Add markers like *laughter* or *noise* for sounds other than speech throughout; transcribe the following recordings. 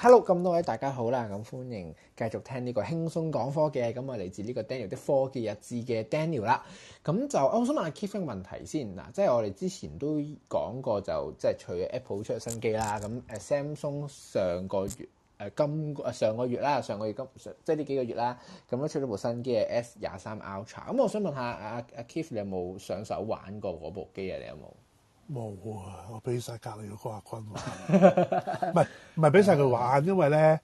Hello，咁多位大家好啦，咁歡迎繼續聽呢個輕鬆講科技，咁我嚟自呢個 Daniel 的科技日誌嘅 Daniel 啦，咁就我想問下 Kiefer 個問題先，嗱，即係我哋之前都講過，就即係除咗 Apple 出新機啦，咁誒 Samsung 上個月。誒今上個月啦，上個月,上個月今即係呢幾個月啦，咁樣出咗部新機嘅 S 廿三 Ultra。咁、嗯、我想問下阿阿 Keith，你有冇上手玩過嗰部機啊？你有冇？冇啊！我俾晒隔離個阿坤。唔係唔係俾晒佢玩，因為咧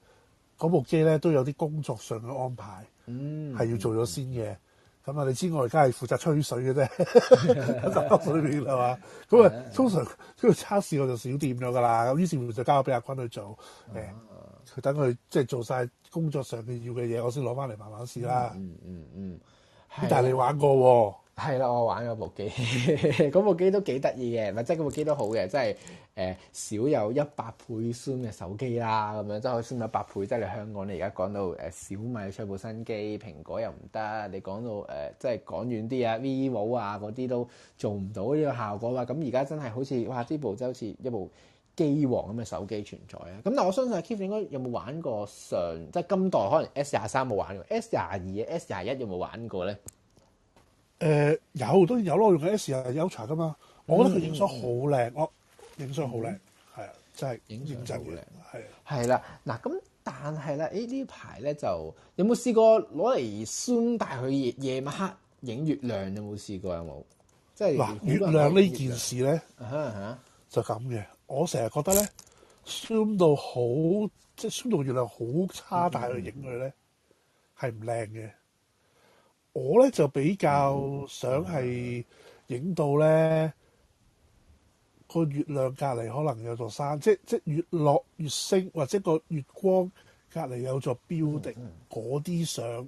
嗰部機咧都有啲工作上嘅安排，係、嗯、要做咗先嘅。咁啊、嗯，你知我而家係負責吹水嘅啫，喺隔室裏面啦嘛。咁啊、嗯嗯，通常跟住測試我就少掂咗噶啦。咁於是乎就交咗俾阿坤去做。嗯佢等佢即係做晒工作上面要嘅嘢，我先攞翻嚟慢慢試啦、嗯。嗯嗯嗯，但係你玩過喎、哦？係啦，我玩嗰部機，嗰 *laughs* 部機都幾得意嘅，唔係即係嗰部機都好嘅，即係誒少有一百倍 Zoom 嘅手機啦，咁樣即係 Zoom 到一百倍。即係香港你而家講到誒、呃、小米出部新機，蘋果又唔得，你講到誒即係講遠啲啊，VIVO 啊嗰啲都做唔到呢個效果啦。咁而家真係好似哇，呢部真係好似一部。機皇咁嘅手機存在啊！咁但我相信 Kip 應該有冇玩過，上即係今代可能 S 廿三，冇玩過 S 廿二 S 廿一，有冇玩過咧？誒有，有、呃、有當然有咯，我用嘅 S 廿一 Ultra 噶嘛。我覺得佢影相好靚，我影相好靚，係啊、嗯，真係影相真係好靚，係係啦嗱。咁、嗯、但係咧，誒呢排咧就有冇試過攞嚟 zoom 大佢，夜晚黑影月亮？有冇試過有冇？即係嗱，月亮呢件事咧，uh huh, uh huh. 就咁嘅。我成日覺得咧，zoom 到好即係 zoom 到月亮好差大，但去影佢咧係唔靚嘅。我咧就比較想係影到咧個月亮隔離可能有座山，即係即係月落月升或者個月光隔離有座 building 嘅嗰啲相，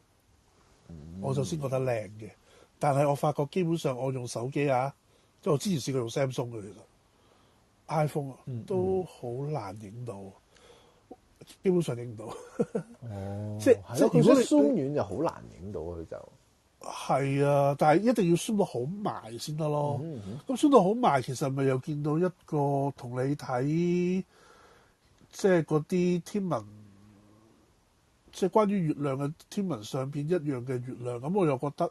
我就先覺得靚嘅。但係我發覺基本上我用手機啊，即係我之前試過用 Samsung 嘅其實。iPhone 啊、嗯，都好難影到，嗯、基本上影唔到。哦、嗯， *laughs* 即係的如果縮遠就好難影到佢就係啊，的嗯、但係一定要縮到好埋先得咯。咁縮、嗯嗯、到好埋，其實咪又見到一個同你睇即係嗰啲天文，即、就、係、是、關於月亮嘅天文相片一樣嘅月亮。咁我又覺得。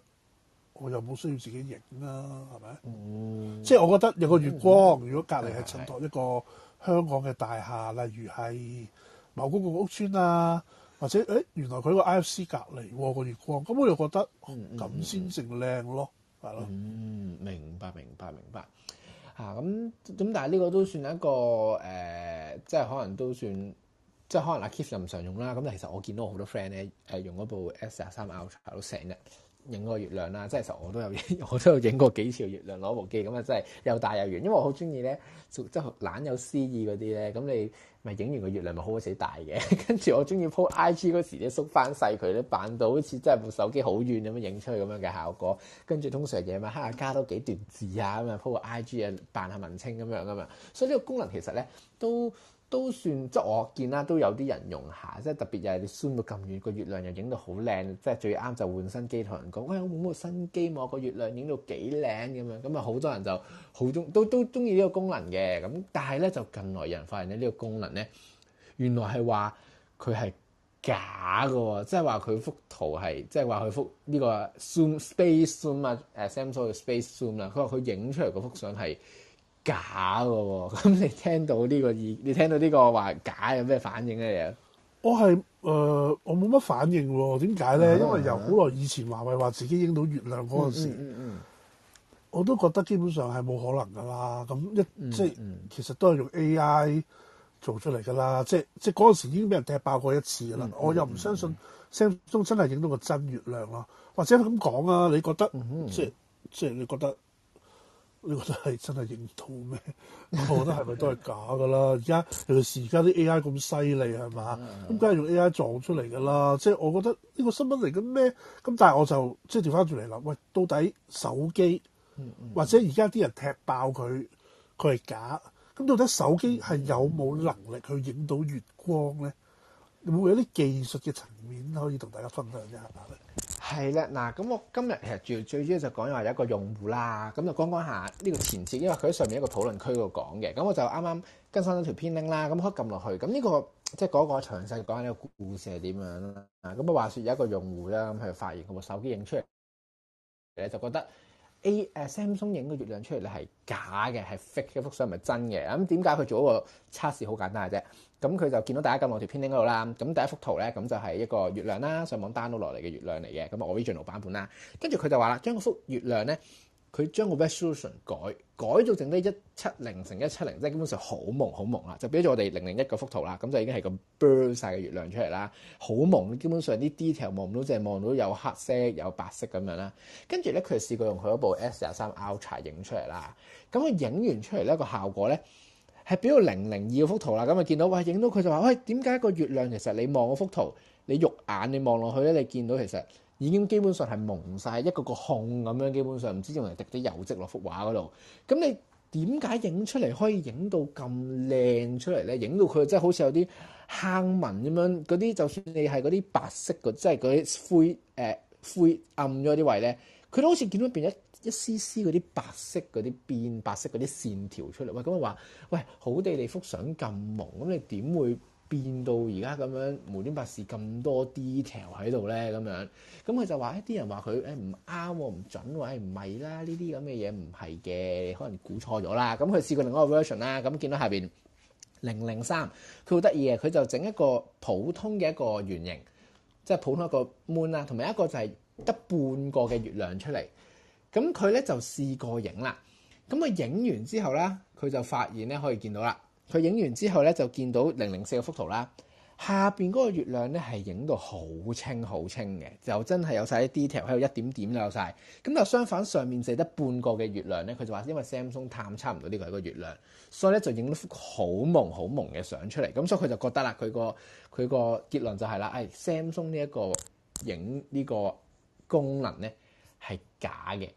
我又冇需要自己影啦，係咪？嗯、即係我覺得有個月光，嗯嗯、如果隔離係襯托一個香港嘅大廈，嗯、例如係某公個，個，個，個屋村啊，或者誒、哎、原來佢個 IFC 隔離個月光，咁我又覺得咁先正靚咯，係咯、嗯。明白，明白，明白。嚇咁咁，但係呢個都算一個誒、呃，即係可能都算，即係可能阿 Keith 唔常用啦。咁其實我見到我好多 friend 咧，誒用嗰部 S23 Ultra 都成日。影個月亮啦，即係其實我都有，我都有影過幾次月亮攞部機，咁啊真係又大又圓。因為我好中意咧，即係懶有詩意嗰啲咧，咁你咪影完個月亮咪好鬼死大嘅。跟住我中意 po IG 嗰時咧，縮翻細佢咧，扮到好似真係部手機好遠咁樣影出去咁樣嘅效果。跟住通常夜晚黑加多幾段字啊，咁啊 po IG 啊，扮下文青咁樣啊嘛。所以呢個功能其實咧都。都算，即係我見啦，都有啲人用下，即係特別又係你 zoom 到咁遠，個月亮又影到好靚，即係最啱就換新機同人講，喂，我冇部新機喎，個月亮影到幾靚咁樣，咁啊好多人就好中，都都中意呢個功能嘅，咁但係咧就近來有人發現咧呢個功能咧，原來係話佢係假嘅喎，即係話佢幅圖係，即係話佢幅呢個 zoom space zoom 啊，誒 Samsung space zoom 啦，佢話佢影出嚟嗰幅相係。假嘅喎，咁你聽到呢、這個意，你聽到呢個話假有咩反應咧？你我係誒、呃，我冇乜反應喎。點解咧？因為由好耐以前，華為話自己影到月亮嗰陣時，嗯嗯嗯、我都覺得基本上係冇可能噶啦。咁一即係、嗯嗯、其實都係用 AI 做出嚟噶啦。即即嗰陣時已經俾人踢爆過一次啦。嗯嗯、我又唔相信 Samsung、嗯嗯、真係影到個真月亮咯。或者咁講啊？你覺得、嗯嗯、即即你覺得？你覺得係真係認到咩？我覺得係咪都係假噶啦！而家尤其是而家啲 AI 咁犀利係嘛，咁梗係用 AI 撞出嚟噶啦。即係我覺得呢個新聞嚟緊咩？咁但係我就即係調翻轉嚟諗，喂，到底手機或者而家啲人踢爆佢，佢係假？咁到底手機係有冇能力去影到月光咧？會唔會有啲技術嘅層面可以同大家分享一下咧？係咧，嗱咁我今日其實最最主要就講話有一個用戶啦，咁就講講下呢個前節，因為佢喺上面一個討論區度講嘅，咁我就啱啱更新咗條片 link 啦，咁可以撳落去。咁呢個即係嗰個詳細講下呢個故事係點樣啦。咁啊，話說有一個用戶啦，咁佢發現佢部手機影出嚟，就覺得。A 誒、hey, Samsung 影個月亮出嚟咧，係假嘅，係 fake 一幅相，唔係真嘅。咁點解佢做一個測試好簡單嘅啫？咁佢就見到大家撳落條片拎嗰度啦。咁第一幅圖咧，咁就係一個月亮啦，上網 download 落嚟嘅月亮嚟嘅，咁 original 版本啦。跟住佢就話啦，將幅月亮咧。佢將個 resolution 改改到剩低一七零乘一七零，即係基本上好朦好朦啦。就變咗我哋零零一個幅圖啦，咁就已經係個 blur 曬嘅月亮出嚟啦，好朦，基本上啲 detail 望唔到，淨係望到有黑色有白色咁樣啦。跟住咧，佢試過用佢嗰部 S 廿三 Ultra 影出嚟啦，咁佢影完出嚟咧個效果咧係變到零零二個幅圖啦，咁就見到，到就喂影到佢就話喂，點解個月亮其實你望幅圖，你肉眼你望落去咧，你見到其實。已經基本上係蒙晒，一個個控咁樣，基本上唔知用嚟滴啲油漬落幅畫嗰度。咁你點解影出嚟可以影到咁靚出嚟咧？影到佢真係好似有啲坑紋咁樣，嗰啲就算你係嗰啲白色嘅，即係嗰啲灰誒、呃、灰暗咗啲位咧，佢都好似見到入邊一一絲絲嗰啲白色嗰啲變白色嗰啲線條出嚟。喂，咁又話喂，好地你幅相咁蒙，咁你點會？變到而家咁樣無端白事咁多 detail 喺度咧，咁樣咁佢就話，誒啲人話佢誒唔啱喎，唔準喎，誒唔係啦，呢啲咁嘅嘢唔係嘅，可能估錯咗啦。咁佢試過另外一個 version 啦，咁見到下邊零零三，佢好得意嘅，佢就整一個普通嘅一個圓形，即係普通一個 moon 啦，同埋一個就係得半個嘅月亮出嚟。咁佢咧就試過影啦，咁佢影完之後咧，佢就發現咧可以見到啦。佢影完之後咧，就見到零零四個幅圖啦。下邊嗰個月亮咧係影到好清好清嘅，就真係有晒啲 detail 喺度，一點點都有晒。咁但相反，上面剩得半個嘅月亮咧，佢就話因為 Samsung 探測唔到呢個係一個月亮，所以咧就影咗幅好朦、好朦嘅相出嚟。咁所以佢就覺得啦，佢個佢個結論就係、是、啦，係、哎、Samsung 呢一個影呢個功能咧係假嘅。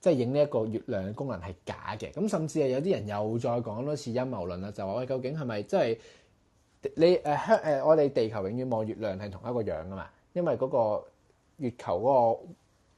即係影呢一個月亮嘅功能係假嘅，咁甚至係有啲人又再講多次陰謀論啦，就話喂，究竟係咪即係你誒香誒我哋地球永遠望月亮係同一個樣噶嘛？因為嗰個月球嗰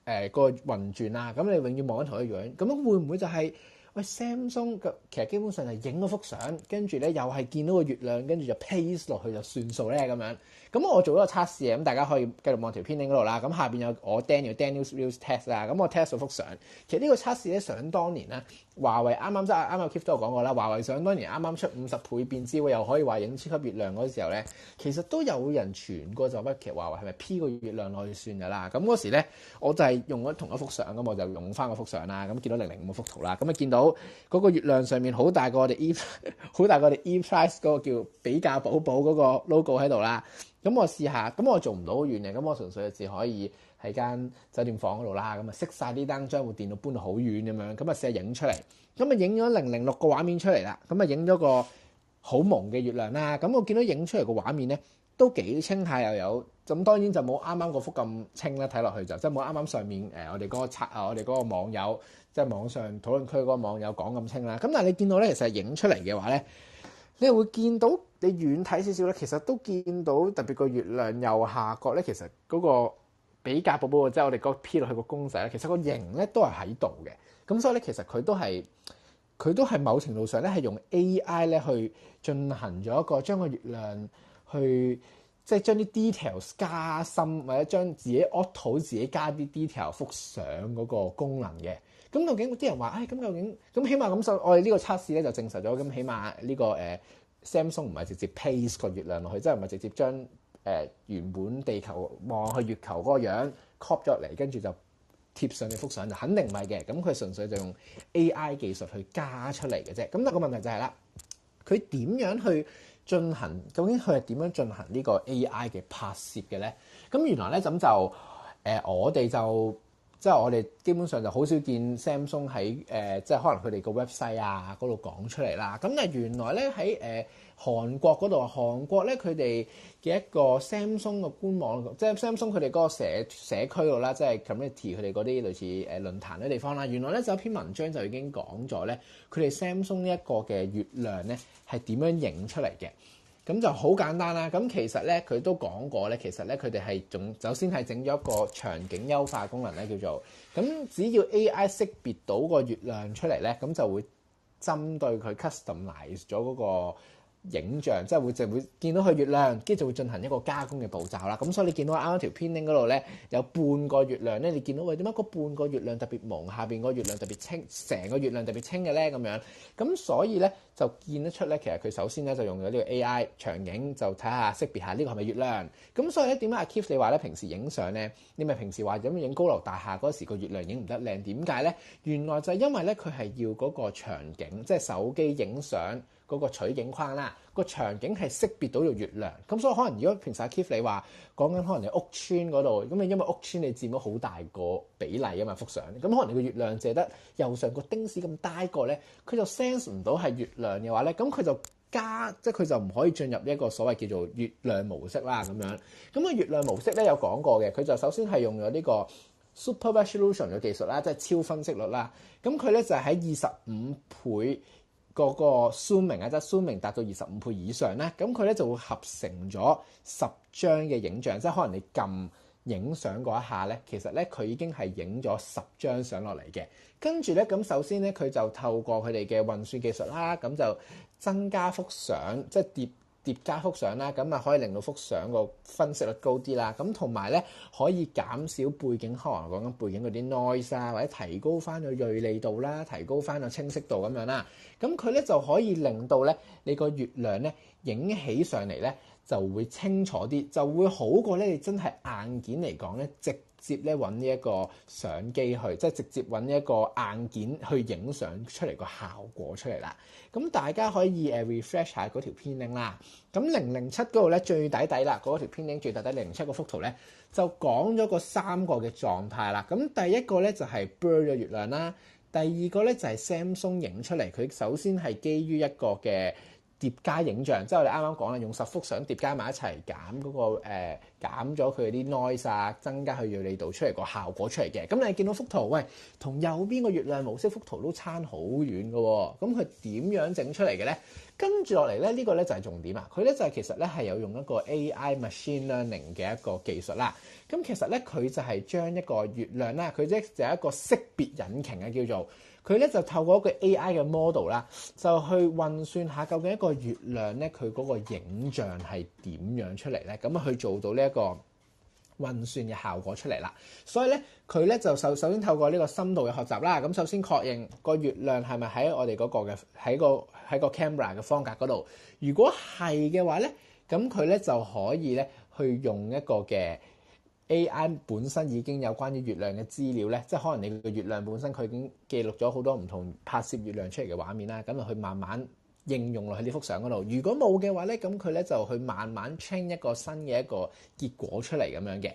個誒個運轉啊，咁你永遠望緊同一個樣，咁樣會唔會就係？喂，Samsung 其實基本上就影咗幅相，跟住咧又係見到個月亮，跟住就 p a c e 落去就算數咧咁樣。咁我做咗個測試咁大家可以繼續望條片 l 度啦。咁下邊有我 Daniel d a n i e l s test 啦。咁我 test 咗幅相。其實呢個測試咧，想當年咧，華為啱啱即係啱啱 keep 都有講過啦。華為想當年啱啱出五十倍變焦又可以話影超級月亮嗰時候咧，其實都有人傳個就其劇華為係咪 P 個月亮落去算嘅啦。咁嗰時咧，我就係用咗同一幅相，咁我就用翻嗰幅相啦。咁見到零零五幅圖啦，咁啊見到。好嗰、嗰個月亮上面好大個我哋 E，好 *laughs* 大個我哋 Eprice 嗰個叫比較寶寶嗰個 logo 喺度啦。咁我試下，咁我做唔到好遠嚟。咁我純粹就只可以喺間酒店房嗰度啦。咁啊熄晒啲燈，將部電腦搬到好遠咁樣，咁啊試下影出嚟。咁啊影咗零零六個畫面出嚟啦。咁啊影咗個好朦嘅月亮啦。咁我見到影出嚟個畫面咧。都幾清下又有咁，當然就冇啱啱個幅咁清啦。睇落去就即係冇啱啱上面誒，我哋嗰個賊啊，我哋嗰個網友即係、就是、網上討論區嗰個網友講咁清啦。咁但係你見到咧，其實係影出嚟嘅話咧，你會見到你遠睇少少咧，其實都見到特別個月亮右下角咧，其實嗰個比較寶寶即係、就是、我哋嗰 P 落去個公仔咧，其實個型咧都係喺度嘅。咁所以咧，其實佢都係佢都係某程度上咧係用 AI 咧去進行咗一個將個月亮。去即係將啲 details 加深，或者將自己 auto 自己加啲 detail 幅相嗰個功能嘅。咁究竟啲人話，唉、哎、咁究竟咁起碼咁，我哋呢個測試咧就證實咗，咁起碼呢、這個誒 Samsung 唔係直接 paste 個月亮落去，即係唔係直接將誒、呃、原本地球望去月球嗰個樣 cop 咗嚟，跟住就貼上嘅幅相，就肯定唔係嘅。咁佢純粹就用 AI 技術去加出嚟嘅啫。咁、那、但個問題就係、是、啦，佢點樣去？進行究竟佢係點樣進行呢個 AI 嘅拍攝嘅咧？咁原來咧咁就誒、呃，我哋就。即係我哋基本上就好少見 Samsung 喺誒、呃，即係可能佢哋個 website 啊嗰度講出嚟啦。咁但係原來咧喺誒韓國嗰度，韓國咧佢哋嘅一個 Samsung 嘅官網，即係 Samsung 佢哋嗰個社社區度啦，即係 community 佢哋嗰啲類似誒論壇嘅地方啦。原來咧就有篇文章就已經講咗咧，佢哋 Samsung 呢一個嘅月亮咧係點樣影出嚟嘅。咁就好簡單啦。咁其實咧，佢都講過咧，其實咧，佢哋係總首先係整咗一個場景優化功能咧，叫做咁，只要 AI 識別到個月亮出嚟咧，咁就會針對佢 customize 咗嗰個影像即係會就會見到佢月亮，跟住就會進行一個加工嘅步驟啦。咁所以你見到啱啱條片嗰度咧，有半個月亮咧，你見到喂，點解個半個月亮特別朦，下邊個月亮特別清，成個月亮特別清嘅咧咁樣。咁所以咧就見得出咧，其實佢首先咧就用咗呢個 AI 場景，就睇下識別下呢個係咪月亮。咁所以咧點解阿 Keith 你話咧平時影相咧，你咪平時話咁樣影高樓大廈嗰時個月亮影唔得靚，點解咧？原來就係因為咧佢係要嗰個場景，即係手機影相。嗰個取景框啦，個場景係識別到個月亮，咁所以可能如果平時阿 Kit 你話講緊可能你屋村嗰度，咁你因為屋村你佔咗好大個比例啊嘛幅相，咁可能你個月亮借得右上個丁字咁大個咧，佢就 sense 唔到係月亮嘅話咧，咁佢就加，即係佢就唔可以進入一個所謂叫做月亮模式啦咁樣。咁、個月亮模式咧有講過嘅，佢就首先係用咗呢個 super resolution 嘅技術啦，即係超分析率啦。咁佢咧就喺二十五倍。個個 zooming 啊，即係 zooming 達到二十五倍以上咧，咁佢咧就會合成咗十張嘅影像，即係可能你撳影相嗰一下咧，其實咧佢已經係影咗十張相落嚟嘅。跟住咧，咁首先咧佢就透過佢哋嘅運算技術啦，咁就增加幅相，即係疊，疊加幅相啦，咁啊可以令到幅相個分析率高啲啦，咁同埋咧可以減少背景，可能講緊背景嗰啲 noise 啊，或者提高翻個銳利度啦，提高翻個清晰度咁樣啦，咁佢咧就可以令到咧你個月亮咧影起上嚟咧就會清楚啲，就會好過咧你真係硬件嚟講咧直。直接咧揾呢一個相機去，即係直接揾一個硬件去影相出嚟個效果出嚟啦。咁大家可以誒 refresh 下嗰條 pinned link 啦。咁零零七嗰度咧，最底底啦，嗰條 pinned link 最底底零零七嗰幅圖咧就講咗個三個嘅狀態啦。咁第一個咧就係 blur 嘅月亮啦，第二個咧就係 Samsung 影出嚟，佢首先係基於一個嘅。疊加影像，即係我哋啱啱講啦，用十幅相疊加埋一齊，嗰個呃，減嗰個誒，減咗佢啲 noise，啊，增加佢鋭利度出嚟個效果出嚟嘅。咁你見到幅圖，喂，同右邊個月亮模式幅圖都差好遠嘅喎。咁佢點樣整出嚟嘅咧？跟住落嚟咧，呢、呢個咧就係重點啊！佢咧就係、係、其實咧係有用一個 AI machine learning 嘅一個技術啦。咁其實咧佢就係將一個月亮咧，佢即係一個識別引擎啊，叫做。佢咧就透過一個 AI 嘅 model 啦，就去運算下究竟一個月亮咧，佢嗰個影像係點樣出嚟咧？咁啊，去做到呢一個運算嘅效果出嚟啦。所以咧，佢咧就首首先透過呢個深度嘅學習啦。咁首先確認個月亮係咪喺我哋嗰個嘅喺個喺個 camera 嘅方格嗰度？如果係嘅話咧，咁佢咧就可以咧去用一個嘅。AI 本身已經有關於月亮嘅資料咧，即係可能你個月亮本身佢已經記錄咗好多唔同拍攝月亮出嚟嘅畫面啦，咁啊去慢慢應用落去呢幅相嗰度。如果冇嘅話咧，咁佢咧就去慢慢 train 一個新嘅一個結果出嚟咁樣嘅。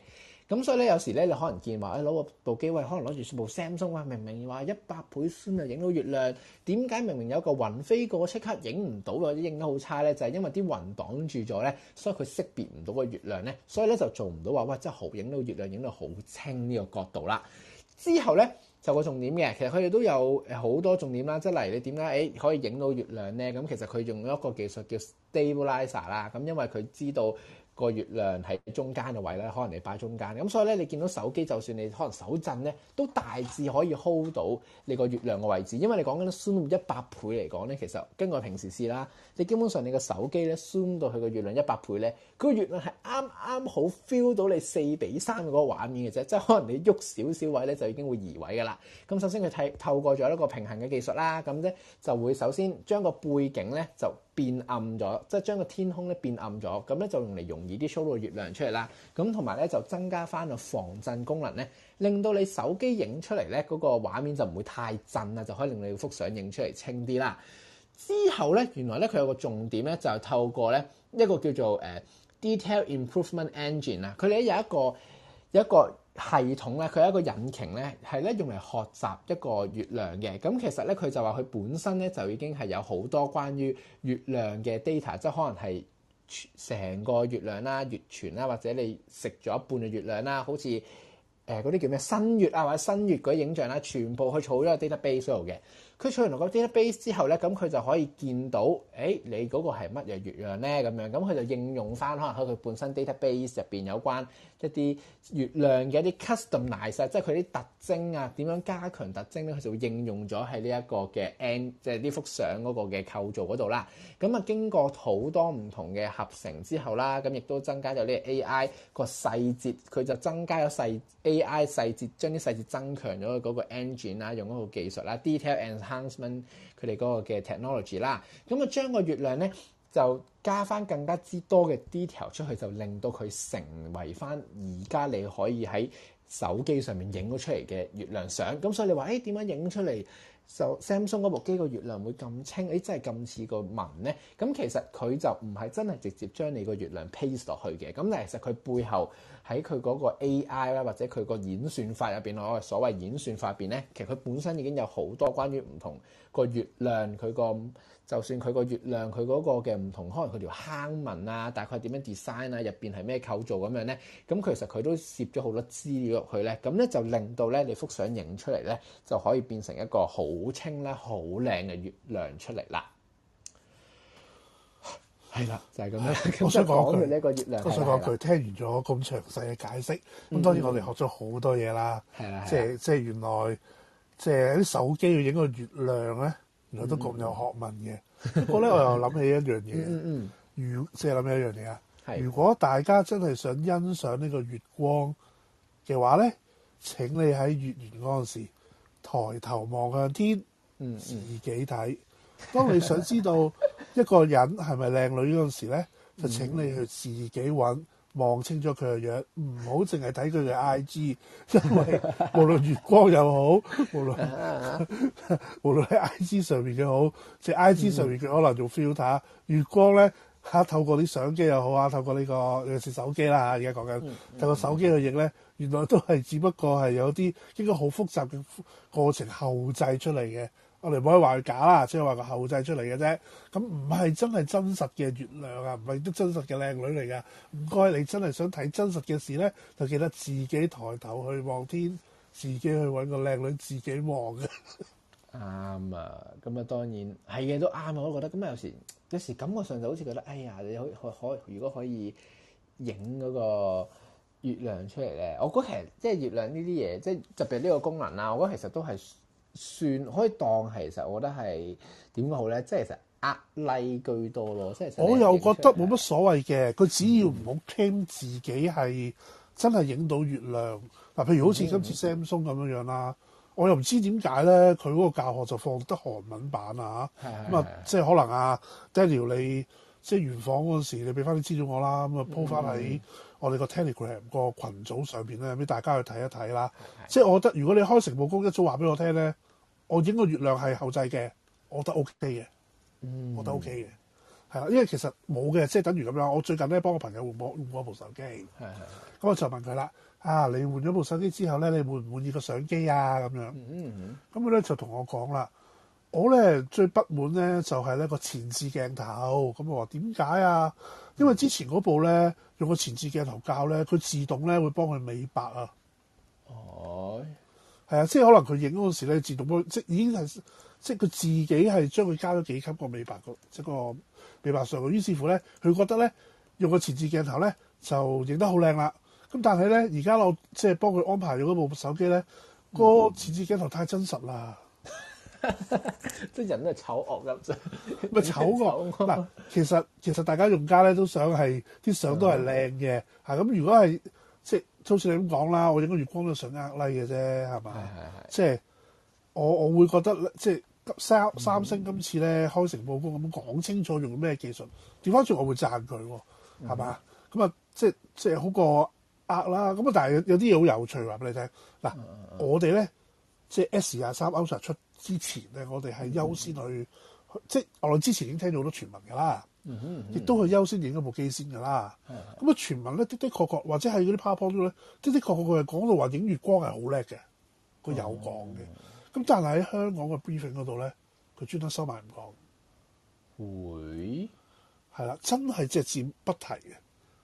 咁所以咧，有時咧，你可能見話，誒攞個部機位，可能攞住部 Samsung 啊，明明話一百倍先啊，影到月亮，點解明明有個雲飛過，即刻影唔到或者影得好差咧？就係因為啲雲擋住咗咧，所以佢識別唔到個月亮咧，所以咧就做唔到話，嘩，真係好影到月亮，影到好清呢個角度啦。之後咧就個重點嘅，其實佢哋都有誒好多重點啦，即係例如你點解，誒可以影到月亮咧，咁其實佢用咗一個技術叫 Stabilizer 啦，咁因為佢知道。個月亮喺中間嘅位咧，可能你擺中間，咁所以咧，你見到手機就算你可能手震咧，都大致可以 hold 到你個月亮嘅位置，因為你講緊咧 zoom 一百倍嚟講咧，其實根據我平時試啦，你基本上你個手機咧 zoom 到佢個月亮一百倍咧，佢個月亮係啱啱好 feel 到你四比三嘅嗰個畫面嘅啫，即係可能你喐少少位咧就已經會移位噶啦。咁首先佢睇透過咗一個平衡嘅技術啦，咁咧就會首先將個背景咧就，變暗咗，即係將個天空咧變暗咗，咁咧就用嚟容易啲 show 到月亮出嚟啦。咁同埋咧就增加翻個防震功能咧，令到你手機影出嚟咧嗰個畫面就唔會太震啦，就可以令你幅相影出嚟清啲啦。之後咧，原來咧佢有個重點咧，就係透過咧一個叫做誒、呃、Detail Improvement Engine 啊，佢哋咧有一個有一個。系統咧，佢係一個引擎咧，係咧用嚟學習一個月亮嘅。咁其實咧，佢就話佢本身咧就已經係有好多關於月亮嘅 data，即係可能係成個月亮啦、月全啦，或者你食咗一半嘅月亮啦，好似誒嗰啲叫咩新月啊或者新月嗰啲影像啦，全部去儲咗個 database 度嘅。佢儲完落個 database 之後咧，咁佢就可以見到，誒、欸、你嗰個係乜嘢月亮咧咁樣。咁佢就應用翻可能喺佢本身 database 入邊有關，一啲月亮嘅一啲 customize，即係佢啲特徵啊，點樣加強特徵咧？佢就會應用咗喺呢一個嘅 n，即係呢幅相嗰個嘅構造嗰度啦。咁啊，經過好多唔同嘅合成之後啦，咁亦都增加咗呢個 AI 個細節，佢就增加咗細 AI 細節，將啲細節增強咗嗰個 engine 啦，用嗰個技術啦，detail enhancement 佢哋嗰個嘅 technology 啦。咁啊，將個月亮咧～就加翻更加之多嘅 detail 出去，就令到佢成為翻而家你可以喺手機上面影到出嚟嘅月亮相。咁所以你話，誒、欸、點樣影出嚟就 Samsung 嗰部機個月亮會咁清？誒、欸、真係咁似個紋咧？咁其實佢就唔係真係直接將你個月亮 paste 落去嘅。咁但係其實佢背後。喺佢嗰個 A.I. 啦，或者佢個演算法入邊，我所謂演算法入邊咧，其實佢本身已經有好多關於唔同個月亮佢個，就算佢個月亮佢嗰個嘅唔同，可能佢條坑紋啊，大概點樣 design 啊，入邊係咩構造咁樣咧？咁其實佢都攝咗好多資料入去咧，咁咧就令到咧你幅相影出嚟咧就可以變成一個好清啦、好靚嘅月亮出嚟啦。係啦，就係咁樣。我想講一句，我想講佢句。聽完咗咁詳細嘅解釋，咁當然我哋學咗好多嘢啦。係啦，即係即係原來，即係喺手機要影個月亮咧，原來都咁有學問嘅。不過咧，我又諗起一樣嘢。嗯，如即係諗起一樣嘢啊，如果大家真係想欣賞呢個月光嘅話咧，請你喺月圓嗰陣時抬頭望向天，嗯嗯，自己睇。當你想知道。一個人係咪靚女嗰陣時咧，就請你去自己揾望清楚佢嘅樣，唔好淨係睇佢嘅 I G，因為無論月光又好，無論 *laughs* *laughs* 無論喺 I G 上面嘅好，即 I G 上面嘅、嗯、可能用 filter，月光咧嚇透過啲相機又好啊，透過呢、這個尤其是手機啦，而家講緊透過手機去影咧，原來都係只不過係有啲應該好複雜嘅過程後製出嚟嘅。我哋唔可以話佢假啦，即係話個後製出嚟嘅啫。咁唔係真係真實嘅月亮啊，唔係啲真實嘅靚女嚟㗎。唔該，你真係想睇真實嘅事咧，就記得自己抬頭去望天，自己去揾個靚女，自己望嘅。啱啊、嗯，咁啊當然係嘅都啱，我都覺得。咁啊有時有時感覺上就好似覺得，哎呀，你好可可，如果可以影嗰個月亮出嚟咧，我覺得其實即係月亮呢啲嘢，即係特別呢個功能呀，我覺得其實都係。算可以當，其實我覺得係點講好咧，即係其實壓低居多咯。即係我又覺得冇乜所謂嘅，佢只要唔好 claim 自己係真係影到月亮嗱，嗯、譬如好似今次 Samsung 咁樣樣啦，嗯嗯、我又唔知點解咧，佢嗰個教學就放得韓文版啊嚇。咁的啊，即係可能啊，Daniel 你即係完訪嗰時，你俾翻啲資料我啦，咁啊 po 翻喺我哋個 Telegram 個群組上邊咧，俾大家去睇一睇啦。即係的我覺得如果你開成部工一早話俾我聽咧。我影個月亮係後製嘅，我覺得 OK 嘅，我覺得 OK 嘅，係啦、mm hmm.，因為其實冇嘅，即係等於咁樣。我最近咧幫個朋友換過換過部手機，係係、mm。咁、hmm. 我就問佢啦，啊，你換咗部手機之後咧，你滿唔滿意個相機啊？咁樣，咁佢咧就同我講啦，我咧最不滿咧就係、是、呢個前置鏡頭，咁我話點解啊？因為之前嗰部咧用個前置鏡頭教咧，佢自動咧會幫佢美白啊。哦。Oh. 係啊，即係可能佢影嗰陣時咧自動波，即已經係即係佢自己係將佢加咗幾級個美白個即係個美白上，於是乎咧佢覺得咧用個前置鏡頭咧就影得好靚啦。咁但係咧而家我即係幫佢安排咗部手機咧，個前置鏡頭太真實啦。即係人都係醜惡嘅，咪醜惡嗱。其實其實大家用家咧都想係啲相都係靚嘅。係咁、嗯， *laughs* 如果係即係。好似你咁講啦，我影個月光都想呃 like 嘅啫，係嘛？係係係即係我我會覺得即係三三星今次咧、mm hmm. 開誠佈公咁講清楚用咩技術，調翻轉我會讚佢、哦，係嘛？咁啊、mm hmm. 即即係好過呃啦。咁啊，但係有啲嘢好有趣嘅話俾你聽。嗱，mm hmm. 我哋咧即係 S 廿三、mm hmm. Ultra 出之前咧，我哋係優先去、mm hmm. 即係我哋之前已經聽到好多傳聞㗎啦。亦都係優先影嗰部機先噶啦。咁啊， *noise* 傳聞咧的的確確確，或者係嗰啲 PowerPoint 咧，的的確確佢係講到話影月光係好叻嘅，佢有講嘅。咁 *noise* 但係喺香港嘅 briefing 嗰度咧，佢專登收埋唔講。會係啦，真係隻字不提嘅。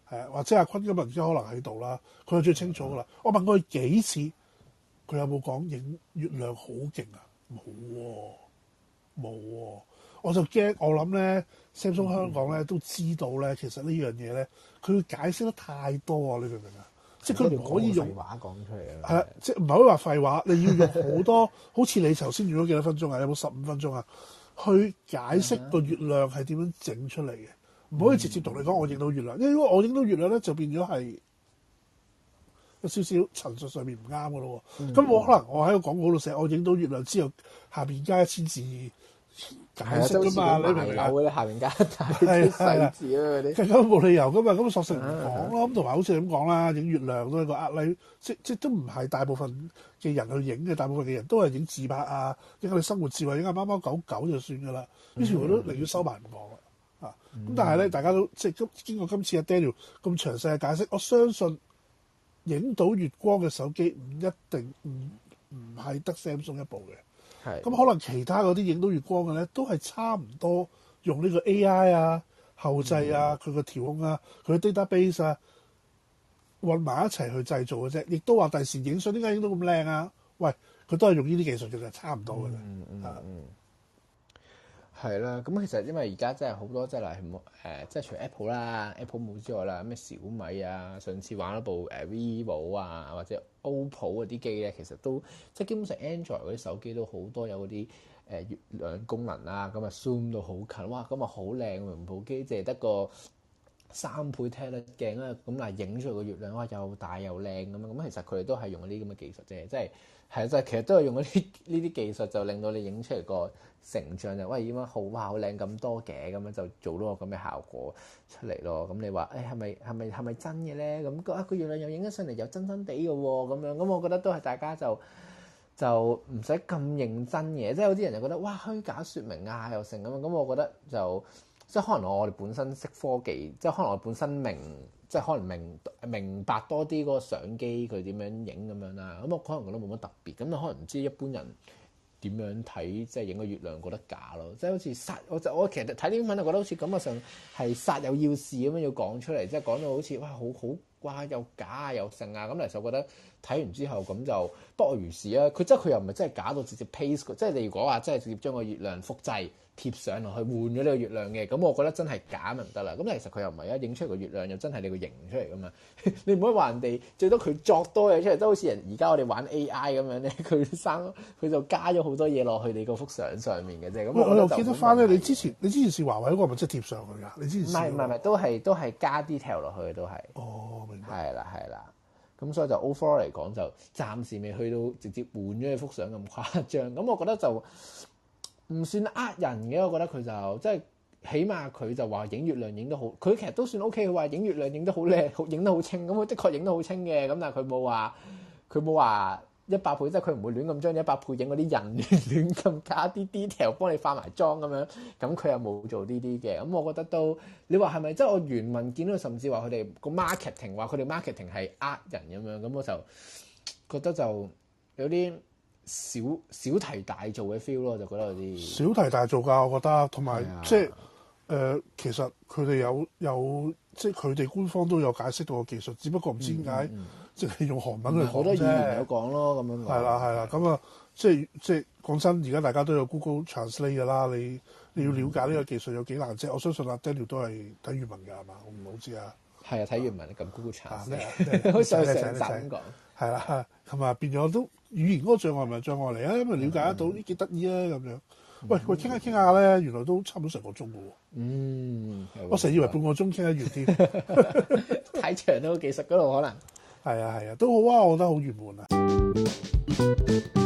係啊，或者阿坤今日而家可能喺度啦，佢最清楚噶啦。 *noise* 我問過佢幾次，佢有冇講影月亮好勁啊？冇、啊，冇、啊。我就驚，我諗咧 Samsung 香港咧都知道咧，其實呢樣嘢咧，佢解釋得太多啊！你明唔明啊？即係佢唔可以用廢話講出嚟。係啊，即係唔係可以話廢話？ *laughs* 你要用好多，好似你頭先用咗幾多分鐘啊？你有冇十五分鐘啊？去解釋個月亮係點樣整出嚟嘅？唔可以直接同你講我影到月亮，嗯、因為如果我影到月亮咧就變咗係有少少陳述上面唔啱噶咯。咁、嗯、我可能我喺個廣告度寫我影到月亮之後，下邊加一千字。解釋噶嘛？你明唔明啊？嗰啲下邊加大啲細字啊，嗰啲，其實佢冇理由噶嘛，咁索性唔講咯。咁同埋好似你咁講啦？影月亮都係一個呃你，即即都唔係大部分嘅人去影嘅，大部分嘅人都係影自拍啊，影下生活照啊，影下貓貓狗狗就算噶啦。於是乎我都寧願收埋唔講啦。啊，咁但係咧，大家都即係經過今次嘅 Daniel 咁詳細嘅解釋，我相信影到月光嘅手機唔一定唔唔係得 Samsung 一部嘅。咁、嗯、可能其他嗰啲影到月光嘅咧，都係差唔多用呢個 AI 啊後製啊佢個調控啊佢 database 啊混埋一齊去製造嘅啫，亦都話第時影相點解影到咁靚啊？喂，佢都係用呢啲技術，其實差唔多嘅啦。嗯嗯嗯嗯係啦，咁其實因為而家真係好多即係例如誒，即係除 Apple 啦、Apple 冇之外啦，咩小米啊，上次玩一部誒 VIVO 啊，或者 OPPO 嗰啲機咧，其實都即係基本上 Android 嗰啲手機都好多有嗰啲誒月亮功能啦，咁啊 zoom 到好近，哇，咁啊好靚嘅部機，淨係得個三倍透鏡啦，咁嗱影出嚟個月亮哇，又大又靚咁啊！咁其實佢哋都係用嗰啲咁嘅技術啫，即係係啊，即係其實都係用嗰啲呢啲技術就令到你影出嚟個成像就是、喂點樣好哇，好靚咁多嘅咁樣就做到個咁嘅效果出嚟咯。咁、嗯、你話誒係咪係咪係咪真嘅咧？咁、嗰個個月亮又影得上嚟又真真哋嘅喎，咁樣咁我覺得都係大家就就唔使咁認真嘅，即係有啲人就覺得哇虛假説明啊又成咁啊，咁我覺得就。即係可能我哋本身識科技，即係可能我本身明，即係可能明明白多啲嗰個相機佢點樣影咁樣啦。咁我可能覺得冇乜特別。咁你可能唔知一般人點樣睇，即係影個月亮覺得假咯。即係好似殺，我就我其實睇呢份，我覺得好似感覺上係煞有介事咁樣要講出嚟，即係講到好似哇好好哇又假啊又盛啊咁嚟。其實我覺得睇完之後咁就不過如是啊。佢即係佢又唔係真係假到直接 paste，即係你如果話真係直接將個月亮複製。貼上落去換咗呢個月亮嘅，咁我覺得真係假咪唔得啦。咁其實佢又唔係一影出嚟個月亮又真係 *laughs* 你個形出嚟噶嘛？你唔可以話人哋，最多佢作多嘢出嚟，都好似人而家我哋玩 AI 咁樣咧，佢生佢就加咗好多嘢落去你嗰幅相上面嘅啫。咁我又記得翻咧，你之前你之前試華為嗰個咪即係貼上去噶，你之前唔係唔係唔係都係都係加 detail 落去嘅都係。哦，明白。係啦係啦，咁所以就 overall 嚟講就暫時未去到直接換咗一幅相咁誇張，咁我覺得就。唔算呃人嘅，我覺得佢就即係起碼佢就話影月亮影得好，佢其實都算 OK。佢話影月亮影得好靚，好影得好清。咁、嗯、佢的確影得好清嘅。咁但係佢冇話，佢冇話一百倍即係佢唔會亂咁將 *laughs* 一百倍影嗰啲人亂咁加啲 detail 幫你化埋妝咁樣。咁、嗯、佢又冇做呢啲嘅。咁、嗯、我覺得都你話係咪即係我原文見到，甚至話佢哋個 marketing 話佢哋 marketing 係呃人咁樣咁、嗯、我就覺得就有啲小小題大做嘅 feel 咯，就覺得有啲小題大做㗎，我覺得同埋即係誒，其實佢哋有有即係佢哋官方都有解釋到個技術，只不過唔知點解即係用韓文去好多語言有講咯，咁樣係啦係啦，咁啊即係即係講真，而家大家都有 Google Translate 噶啦，你你要了解呢個技術有幾難啫？我相信阿 Daniel 都係睇原文噶係嘛，我唔好知啊，係啊睇原文撳 Google Translate，好似成集咁講係啦，同埋變咗都。語言嗰個障礙係咪障礙嚟啊？因為瞭解得到，啊，呢幾得意啊咁樣。喂喂，傾下傾下咧，原來都差唔多成個鐘嘅喎。嗯，係咪啊？我成日以為半個鐘傾得完添。 *laughs* *laughs* 太長啦，技術嗰度可能。係啊係啊，都好啊，我覺得好圓滿啊。